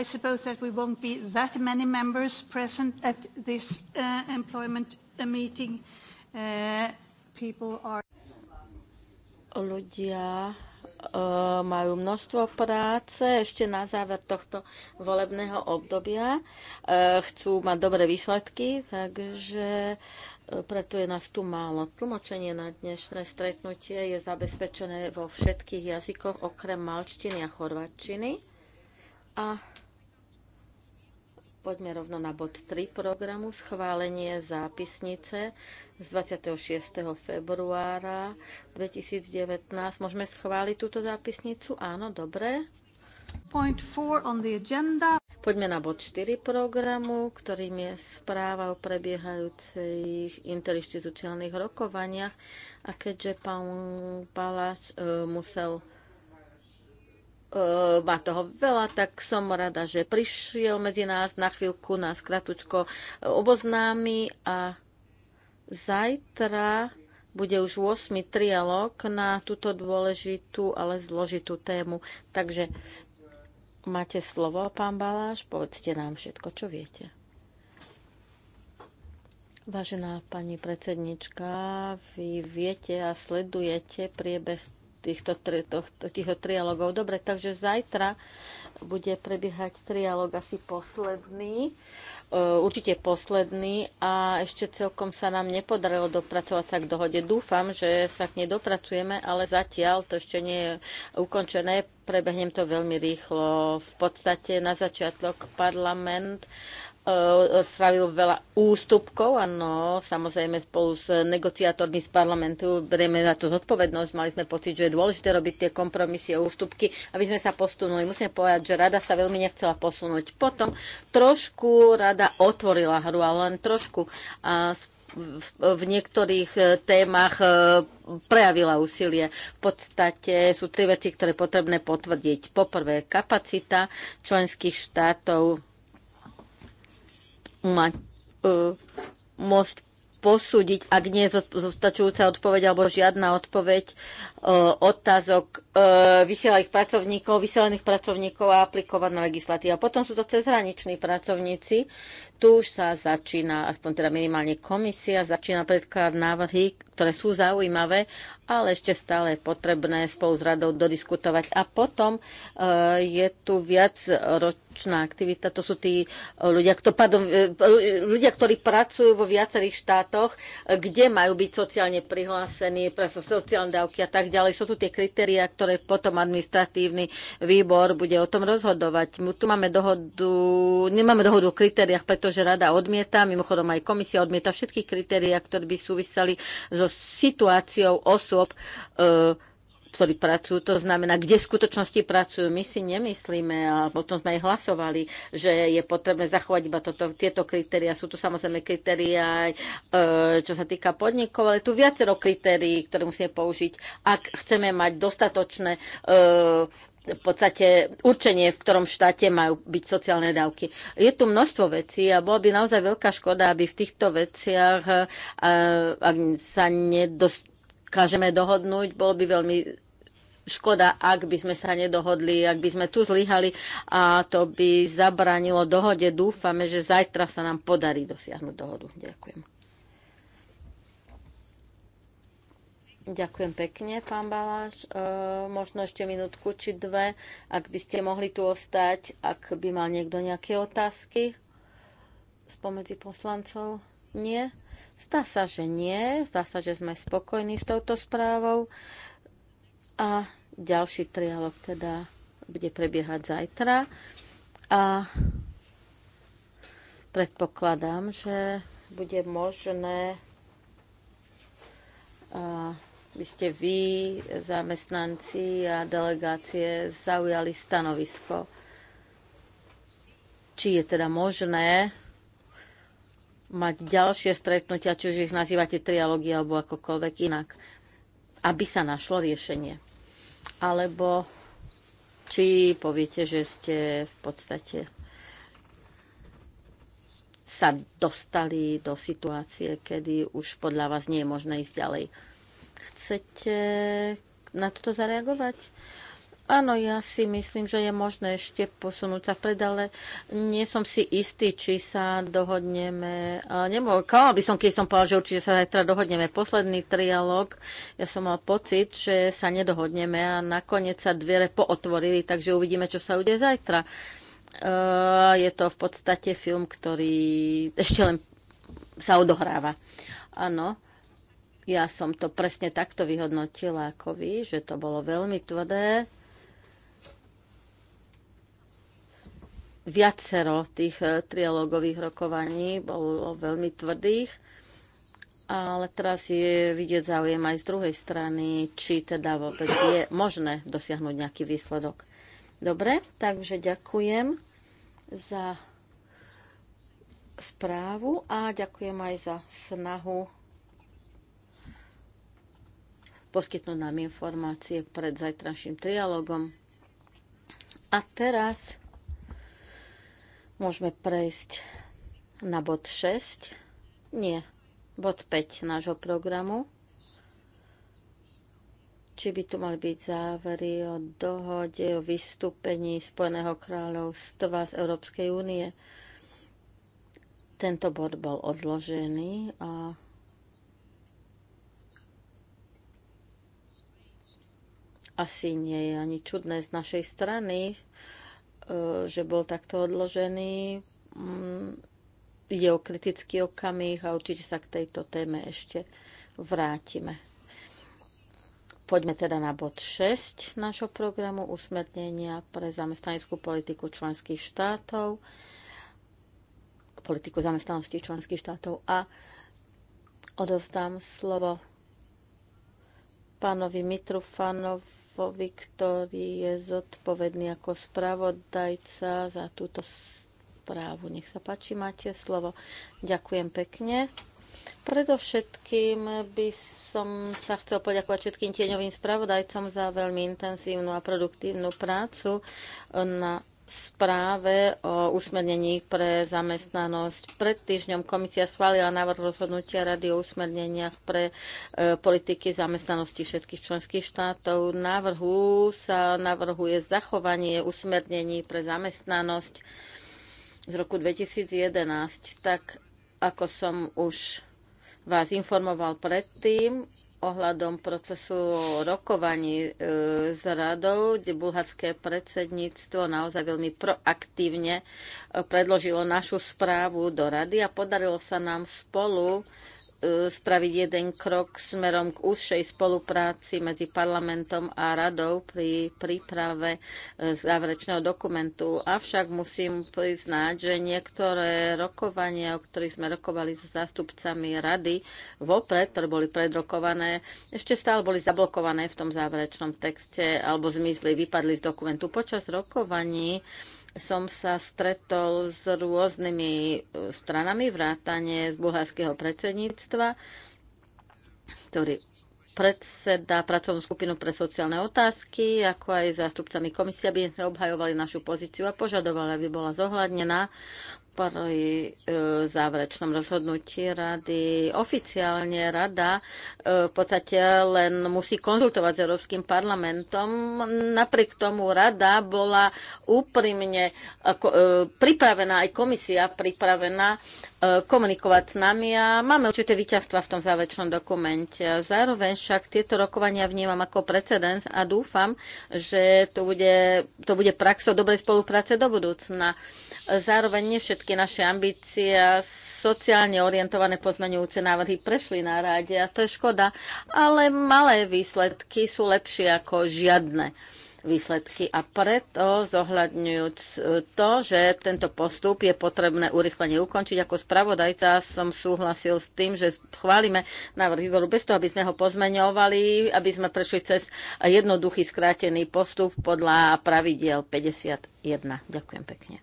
I suppose that we won't be that many members present at this uh, employment uh, meeting. Uh, people are... Ľudia uh, majú množstvo práce ešte na záver tohto volebného obdobia. Uh, chcú mať dobré výsledky, takže uh, preto je nás tu málo. Tlmočenie na dnešné stretnutie je zabezpečené vo všetkých jazykoch okrem malčtiny a chorvačtiny. A Poďme rovno na bod 3 programu schválenie zápisnice z 26. februára 2019. Môžeme schváliť túto zápisnicu? Áno, dobre. Poďme na bod 4 programu, ktorým je správa o prebiehajúcich interinstitucionálnych rokovaniach. A keďže pán Palač e, musel má toho veľa, tak som rada, že prišiel medzi nás na chvíľku, nás kratučko oboznámi a zajtra bude už 8. trialog na túto dôležitú, ale zložitú tému. Takže máte slovo, pán Baláš, povedzte nám všetko, čo viete. Vážená pani predsednička, vy viete a sledujete priebeh týchto, týchto trialogov. Dobre, takže zajtra bude prebiehať trialog asi posledný, e, určite posledný a ešte celkom sa nám nepodarilo dopracovať sa k dohode. Dúfam, že sa k nej dopracujeme, ale zatiaľ to ešte nie je ukončené. Prebehnem to veľmi rýchlo. V podstate na začiatok parlament strávil veľa ústupkov, áno, samozrejme spolu s negociátormi z parlamentu berieme na to zodpovednosť, mali sme pocit, že je dôležité robiť tie kompromisy a ústupky, aby sme sa posunuli. Musím povedať, že rada sa veľmi nechcela posunúť. Potom trošku rada otvorila hru, ale len trošku. A v, v niektorých eh, témach eh, prejavila úsilie. V podstate sú tri veci, ktoré potrebné potvrdiť. Poprvé, kapacita členských štátov mať, uh, e, môcť posúdiť, ak nie je zostačujúca odpoveď alebo žiadna odpoveď, uh, otázok Eh, vysielaných pracovníkov, vysielaných pracovníkov a aplikovaná legislatíva. Potom sú to cezhraniční pracovníci. Tu už sa začína, aspoň teda minimálne komisia, začína predkladať návrhy, ktoré sú zaujímavé, ale ešte stále je potrebné spolu s radou dodiskutovať. A potom eh, je tu viacročná aktivita, to sú tí eh, ľudia, kto, pardon, ľudia, ktorí pracujú vo viacerých štátoch, kde majú byť sociálne prihlásení, sociálne dávky a tak ďalej. Sú tu tie kritériá, ktoré ale potom administratívny výbor bude o tom rozhodovať. My tu máme dohodu, nemáme dohodu o kritériách, pretože rada odmieta, mimochodom aj komisia odmieta všetky kritériá, ktoré by súviseli so situáciou osôb, e, ktorí pracujú, to znamená, kde v skutočnosti pracujú. My si nemyslíme, a potom sme aj hlasovali, že je potrebné zachovať iba toto, tieto kritéria. Sú tu samozrejme kritéria aj, e, čo sa týka podnikov, ale tu viacero kritérií, ktoré musíme použiť, ak chceme mať dostatočné e, v podstate určenie, v ktorom štáte majú byť sociálne dávky. Je tu množstvo vecí a bola by naozaj veľká škoda, aby v týchto veciach, e, ak sa nedostali dokážeme dohodnúť. Bolo by veľmi škoda, ak by sme sa nedohodli, ak by sme tu zlyhali a to by zabránilo dohode. Dúfame, že zajtra sa nám podarí dosiahnuť dohodu. Ďakujem. Ďakujem pekne, pán Baláš. E, možno ešte minútku či dve, ak by ste mohli tu ostať, ak by mal niekto nejaké otázky spomedzi poslancov. Nie? Zdá sa, že nie. Zdá sa, že sme spokojní s touto správou. A ďalší trialog teda bude prebiehať zajtra. A predpokladám, že bude možné a by ste vy, zamestnanci a delegácie zaujali stanovisko. Či je teda možné mať ďalšie stretnutia, či už ich nazývate trialógy alebo akokoľvek inak, aby sa našlo riešenie. Alebo či poviete, že ste v podstate sa dostali do situácie, kedy už podľa vás nie je možné ísť ďalej. Chcete na toto zareagovať? Áno, ja si myslím, že je možné ešte posunúť sa vpred, ale nie som si istý, či sa dohodneme. Nebo, kala by som, keď som povedal, že určite sa zajtra dohodneme. Posledný trialog, ja som mal pocit, že sa nedohodneme a nakoniec sa dvere pootvorili, takže uvidíme, čo sa ude zajtra. E, je to v podstate film, ktorý ešte len sa odohráva. Áno. Ja som to presne takto vyhodnotila ako vy, že to bolo veľmi tvrdé, viacero tých e, trialógových rokovaní, bolo veľmi tvrdých, ale teraz je vidieť záujem aj z druhej strany, či teda vôbec je možné dosiahnuť nejaký výsledok. Dobre, takže ďakujem za správu a ďakujem aj za snahu poskytnúť nám informácie pred zajtrajším trialogom. A teraz Môžeme prejsť na bod 6. Nie, bod 5 nášho programu. Či by tu mali byť závery o dohode o vystúpení Spojeného kráľovstva z Európskej únie. Tento bod bol odložený a asi nie je ani čudné z našej strany, E, že bol takto odložený. Mm, je o kritický okamih a určite sa k tejto téme ešte vrátime. Poďme teda na bod 6 nášho programu usmernenia pre zamestnaneckú politiku členských štátov, politiku zamestnanosti členských štátov a odovzdám slovo pánovi Mitrufanovi Jozefovi, ktorý je zodpovedný ako spravodajca za túto správu. Nech sa páči, máte slovo. Ďakujem pekne. Predovšetkým by som sa chcel poďakovať všetkým tieňovým spravodajcom za veľmi intenzívnu a produktívnu prácu na správe o usmernení pre zamestnanosť. Pred týždňom komisia schválila návrh rozhodnutia Rady o usmerneniach pre e, politiky zamestnanosti všetkých členských štátov. Návrhu sa navrhuje zachovanie usmernení pre zamestnanosť z roku 2011, tak ako som už vás informoval predtým, ohľadom procesu rokovaní e, s radou, kde bulharské predsedníctvo naozaj veľmi proaktívne e, predložilo našu správu do rady a podarilo sa nám spolu E, spraviť jeden krok smerom k úzšej spolupráci medzi parlamentom a radou pri príprave e, záverečného dokumentu. Avšak musím priznať, že niektoré rokovania, o ktorých sme rokovali so zástupcami rady vopred, ktoré boli predrokované, ešte stále boli zablokované v tom záverečnom texte alebo zmizli, vypadli z dokumentu. Počas rokovaní som sa stretol s rôznymi e, stranami vrátane z bulharského predsedníctva, ktorý predseda pracovnú skupinu pre sociálne otázky, ako aj zástupcami komisie, aby sme obhajovali našu pozíciu a požadovali, aby bola zohľadnená podporili e, v záverečnom rozhodnutí rady. Oficiálne rada e, v podstate len musí konzultovať s Európskym parlamentom. Napriek tomu rada bola úprimne e, pripravená, aj komisia pripravená E, komunikovať s nami a máme určité víťazstva v tom záväčnom dokumente. zároveň však tieto rokovania vnímam ako precedens a dúfam, že to bude, to bude praxou dobrej spolupráce do budúcna. E, zároveň nie všetky naše ambície a sociálne orientované pozmeňujúce návrhy prešli na ráde a to je škoda, ale malé výsledky sú lepšie ako žiadne výsledky a preto zohľadňujúc e, to, že tento postup je potrebné urychlenie ukončiť. Ako spravodajca som súhlasil s tým, že chválime návrh výboru bez toho, aby sme ho pozmeňovali, aby sme prešli cez jednoduchý skrátený postup podľa pravidiel 51. Ďakujem pekne.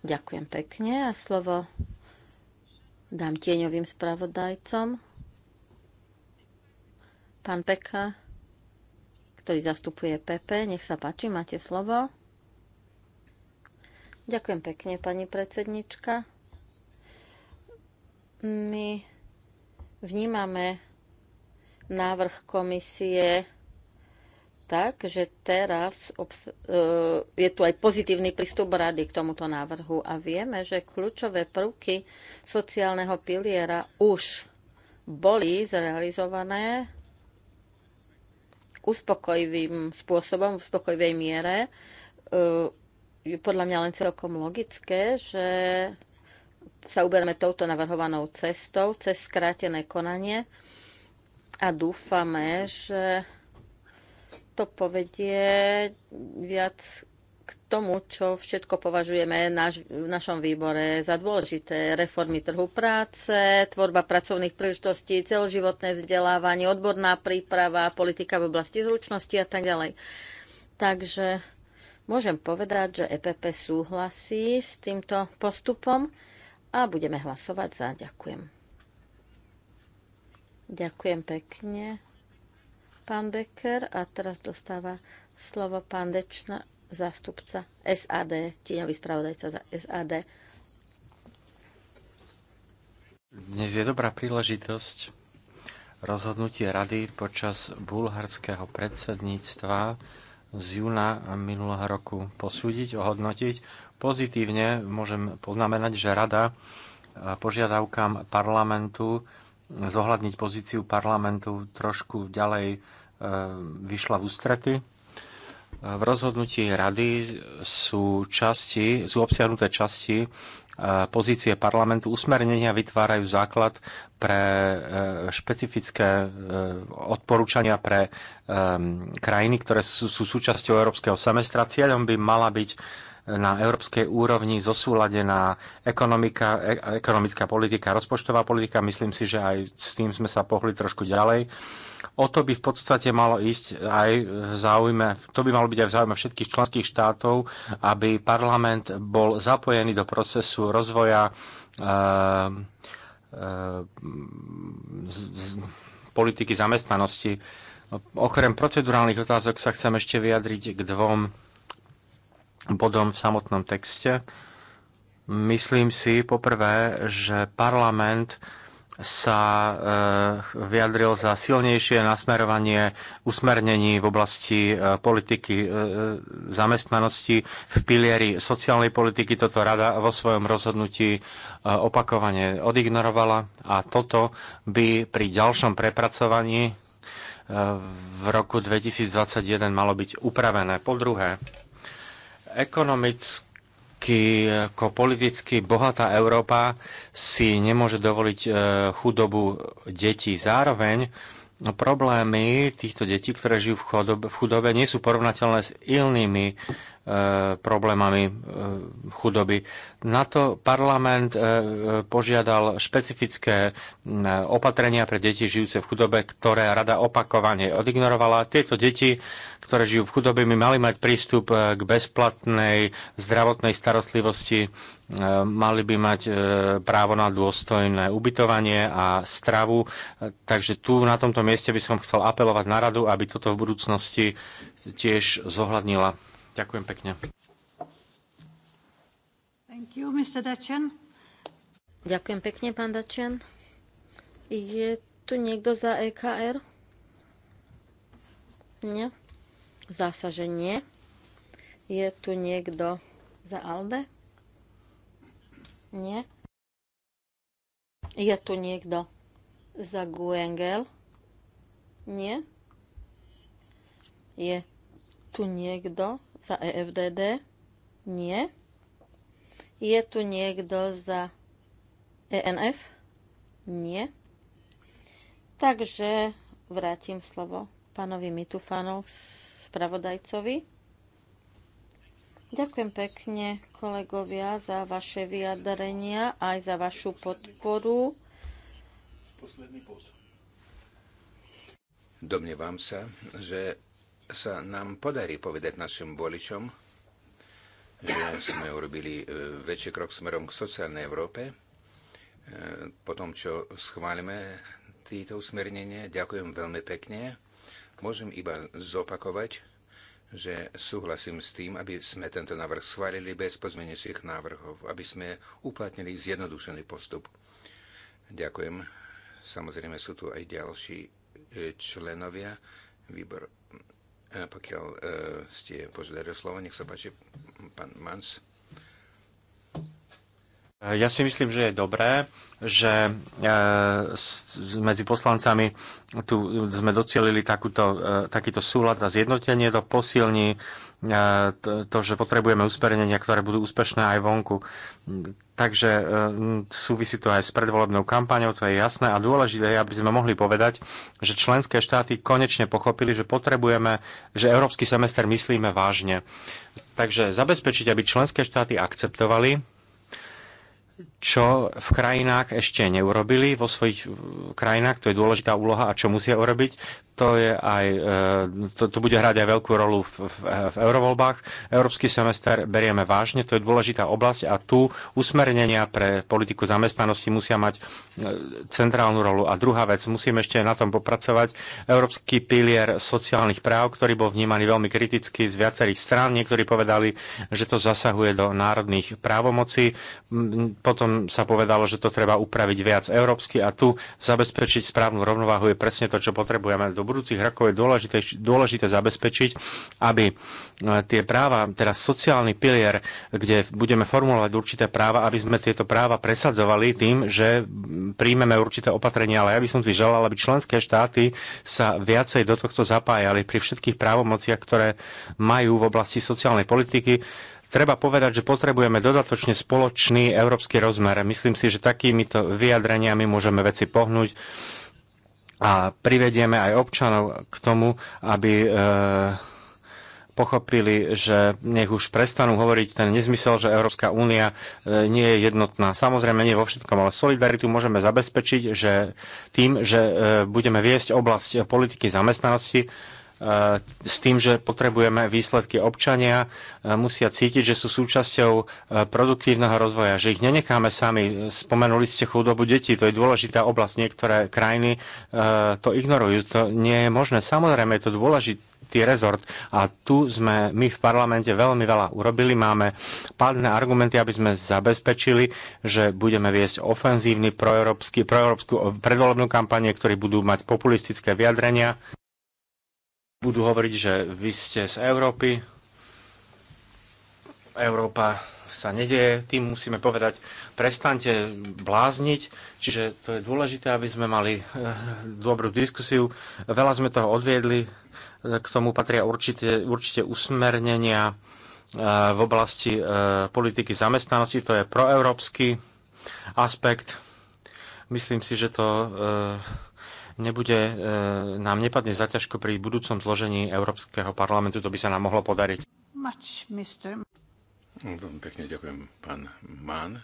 Ďakujem pekne a slovo dám tieňovým spravodajcom. Pán Peka ktorý zastupuje Pepe. Nech sa páči, máte slovo. Ďakujem pekne, pani predsednička. My vnímame návrh komisie tak, že teraz e, je tu aj pozitívny prístup rady k tomuto návrhu a vieme, že kľúčové prvky sociálneho piliera už boli zrealizované uspokojivým spôsobom, v uspokojivej miere. Je podľa mňa len celkom logické, že sa uberme touto navrhovanou cestou, cez skrátené konanie a dúfame, že to povedie viac k tomu, čo všetko považujeme naš, v našom výbore za dôležité. Reformy trhu práce, tvorba pracovných príležitostí, celoživotné vzdelávanie, odborná príprava, politika v oblasti zručnosti a tak ďalej. Takže môžem povedať, že EPP súhlasí s týmto postupom a budeme hlasovať za. Ďakujem. Ďakujem pekne, pán Becker. A teraz dostáva slovo pán Dečna, zástupca SAD, tieňový spravodajca za SAD. Dnes je dobrá príležitosť rozhodnutie rady počas bulharského predsedníctva z júna minulého roku posúdiť, ohodnotiť. Pozitívne môžem poznamenať, že rada požiadavkám parlamentu zohľadniť pozíciu parlamentu trošku ďalej e, vyšla v ústrety v rozhodnutí rady sú, časti, sú obsiahnuté časti e, pozície parlamentu. Usmernenia vytvárajú základ pre e, špecifické e, odporúčania pre krajiny, ktoré sú, sú súčasťou európskeho semestra. Cieľom by mala byť na európskej úrovni zosúladená ekonomika, ekonomická politika, rozpočtová politika. Myslím si, že aj s tým sme sa pohli trošku ďalej. O to by v podstate malo ísť aj v záujme, to by malo byť aj v záujme všetkých členských štátov, aby parlament bol zapojený do procesu rozvoja e, e z, z, politiky zamestnanosti. Okrem procedurálnych otázok sa chcem ešte vyjadriť k dvom bodom v samotnom texte. Myslím si poprvé, že parlament sa eh, vyjadril za silnejšie nasmerovanie usmernení v oblasti eh, politiky eh, zamestnanosti v pilieri sociálnej politiky. Toto rada vo svojom rozhodnutí opakovane odignorovala a toto by pri ďalšom prepracovaní v roku 2021 malo byť upravené. Po druhé, ekonomické politicky, ako politicky bohatá Európa si nemôže dovoliť eh, chudobu detí. Zároveň No problémy týchto detí, ktoré žijú v chudobe, v chudobe nie sú porovnateľné s inými e, problémami e, chudoby. Na to parlament e, e požiadal špecifické e, opatrenia pre deti žijúce v chudobe, ktoré rada opakovane odignorovala. Tieto deti, ktoré žijú v chudobe, by mali mať prístup e, k bezplatnej zdravotnej starostlivosti E, mali by mať e, právo na dôstojné ubytovanie a stravu. E, takže tu na tomto mieste by som chcel apelovať na radu, aby toto v budúcnosti tiež zohľadnila. Ďakujem pekne. You, Ďakujem pekne, pán Dačian. Je tu niekto za EKR? Nie? Zdá že nie. Je tu niekto za ALDE? Nie? Je tu niekto za Guengel? Nie? Je tu niekto za EFDD? Nie? Je tu niekto za ENF? Nie? Takže vrátim slovo pánovi Mitufanov, spravodajcovi. Ďakujem pekne, kolegovia, za vaše vyjadrenia aj za vašu podporu. Posledný bod. Domnievam sa, že sa nám podarí povedať našim voličom, že sme urobili e, väčší krok smerom k sociálnej Európe. E, po tom, čo schválime tieto usmernenie, ďakujem veľmi pekne. Môžem iba zopakovať, že súhlasím s tým, aby sme tento návrh schválili bez pozmeniacich návrhov, aby sme uplatnili zjednodušený postup. Ďakujem. Samozrejme sú tu aj ďalší e, členovia. Výbor, e, pokiaľ e, ste požiadali slovo, nech sa páči, pán Mans. Ja si myslím, že je dobré, že e, medzi poslancami tu sme docielili takúto, e, takýto súlad a zjednotenie, e, to posilní to, že potrebujeme usmernenia, ktoré budú úspešné aj vonku. Takže súvisí to aj s predvolebnou kampaňou, to je jasné a dôležité je, aby sme mohli povedať, že členské štáty konečne pochopili, že potrebujeme, že európsky semester myslíme vážne. Takže zabezpečiť, aby členské štáty akceptovali čo v krajinách ešte neurobili, vo svojich krajinách, to je dôležitá úloha a čo musia urobiť to, je aj, e, to, to bude hrať aj veľkú rolu v, v, v eurovoľbách. Európsky semester berieme vážne, to je dôležitá oblasť a tu usmernenia pre politiku zamestnanosti musia mať e, centrálnu rolu. A druhá vec, musíme ešte na tom popracovať. Európsky pilier sociálnych práv, ktorý bol vnímaný veľmi kriticky z viacerých strán, niektorí povedali, že to zasahuje do národných právomocí. Potom sa povedalo, že to treba upraviť viac európsky a tu zabezpečiť správnu rovnováhu je presne to, čo potrebujeme do budúcich rokov je dôležité, dôležité zabezpečiť, aby e, tie práva, teda sociálny pilier, kde budeme formulovať určité práva, aby sme tieto práva presadzovali tým, že príjmeme určité opatrenia, ale ja by som si želal, aby členské štáty sa viacej do tohto zapájali pri všetkých právomociach, ktoré majú v oblasti sociálnej politiky treba povedať, že potrebujeme dodatočne spoločný európsky rozmer. Myslím si, že takýmito vyjadreniami môžeme veci pohnúť a privedieme aj občanov k tomu, aby e, pochopili, že nech už prestanú hovoriť ten nezmysel, že Európska únia e, nie je jednotná. Samozrejme, nie vo všetkom, ale solidaritu môžeme zabezpečiť že tým, že e, budeme viesť oblasť politiky zamestnanosti, s tým, že potrebujeme výsledky občania, e, musia cítiť, že sú súčasťou e, produktívneho rozvoja, že ich nenecháme sami. Spomenuli ste chudobu detí, to je dôležitá oblasť. Niektoré krajiny e, to ignorujú, to nie je možné. Samozrejme, je to dôležité rezort. A tu sme my v parlamente veľmi veľa urobili. Máme pádne argumenty, aby sme zabezpečili, že budeme viesť ofenzívny proeurópsky, proeurópsku predvolebnú kampanie, ktorí budú mať populistické vyjadrenia budú hovoriť, že vy ste z Európy, Európa sa nedieje, tým musíme povedať, prestante blázniť, čiže to je dôležité, aby sme mali eh, dobrú diskusiu. Veľa sme toho odviedli, k tomu patria určite, určite usmernenia eh, v oblasti eh, politiky zamestnanosti, to je proeurópsky aspekt. Myslím si, že to nebude, e, nám nepadne zaťažko pri budúcom zložení Európskeho parlamentu, to by sa nám mohlo podariť. Much, mister. Veľmi pekne ďakujem, pán Mann.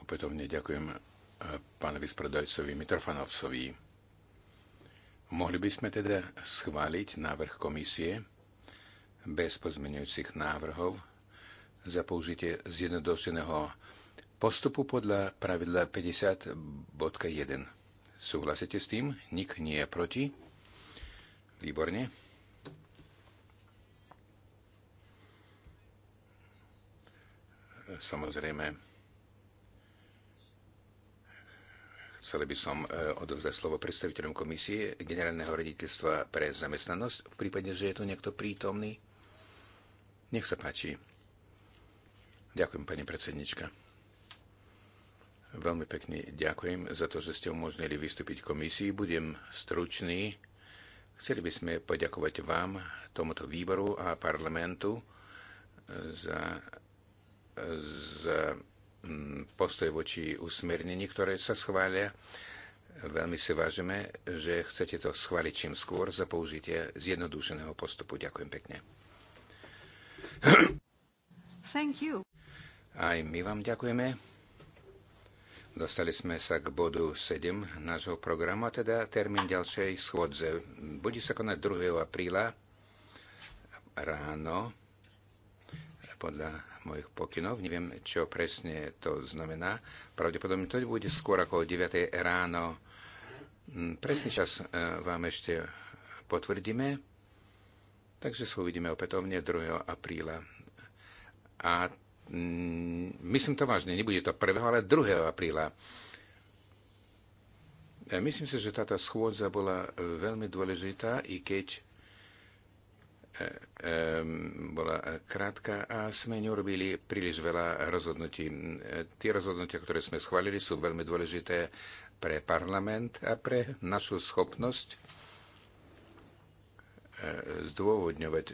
Opätovne ďakujem e, pánovi spredajcovi Mitrofanovcovi. Mohli by sme teda schváliť návrh komisie bez pozmenujúcich návrhov za použitie zjednodušeného postupu podľa pravidla 50.1. Súhlasíte s tým? Nik nie je proti? Výborne. Samozrejme, chceli by som e, odovzdať slovo predstaviteľom komisie Generálneho rediteľstva pre zamestnanosť, v prípade, že je tu niekto prítomný. Nech sa páči. Ďakujem, pani predsednička. Veľmi pekne ďakujem za to, že ste umožnili vystúpiť komisii. Budem stručný. Chceli by sme poďakovať vám, tomuto výboru a parlamentu za, za mm, postoj voči usmernení, ktoré sa schvália. Veľmi si vážime, že chcete to schváliť čím skôr za použitie zjednodušeného postupu. Ďakujem pekne. Thank you. Aj my vám ďakujeme. Dostali sme sa k bodu 7 nášho programu, a teda termín ďalšej schôdze. Bude sa konať 2. apríla ráno podľa mojich pokynov. Neviem, čo presne to znamená. Pravdepodobne to bude skôr ako 9. ráno. Mm, presný čas e, vám ešte potvrdíme. Takže sa uvidíme opätovne 2. apríla. A Mm, myslím to vážne, nebude to 1. ale 2. apríla. E, myslím si, že táto schôdza bola e, veľmi dôležitá, i keď e, bola krátka a sme neurobili príliš veľa rozhodnutí. Tie rozhodnutia, ktoré sme schválili, sú veľmi dôležité pre parlament a pre našu schopnosť zdôvodňovať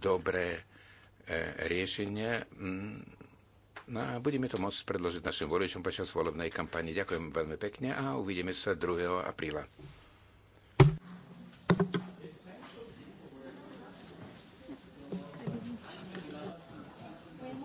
dobré E, riešenia mm, no a budeme to môcť predložiť našim voličom počas volebnej kampane. Ďakujem veľmi pekne a uvidíme sa 2. apríla.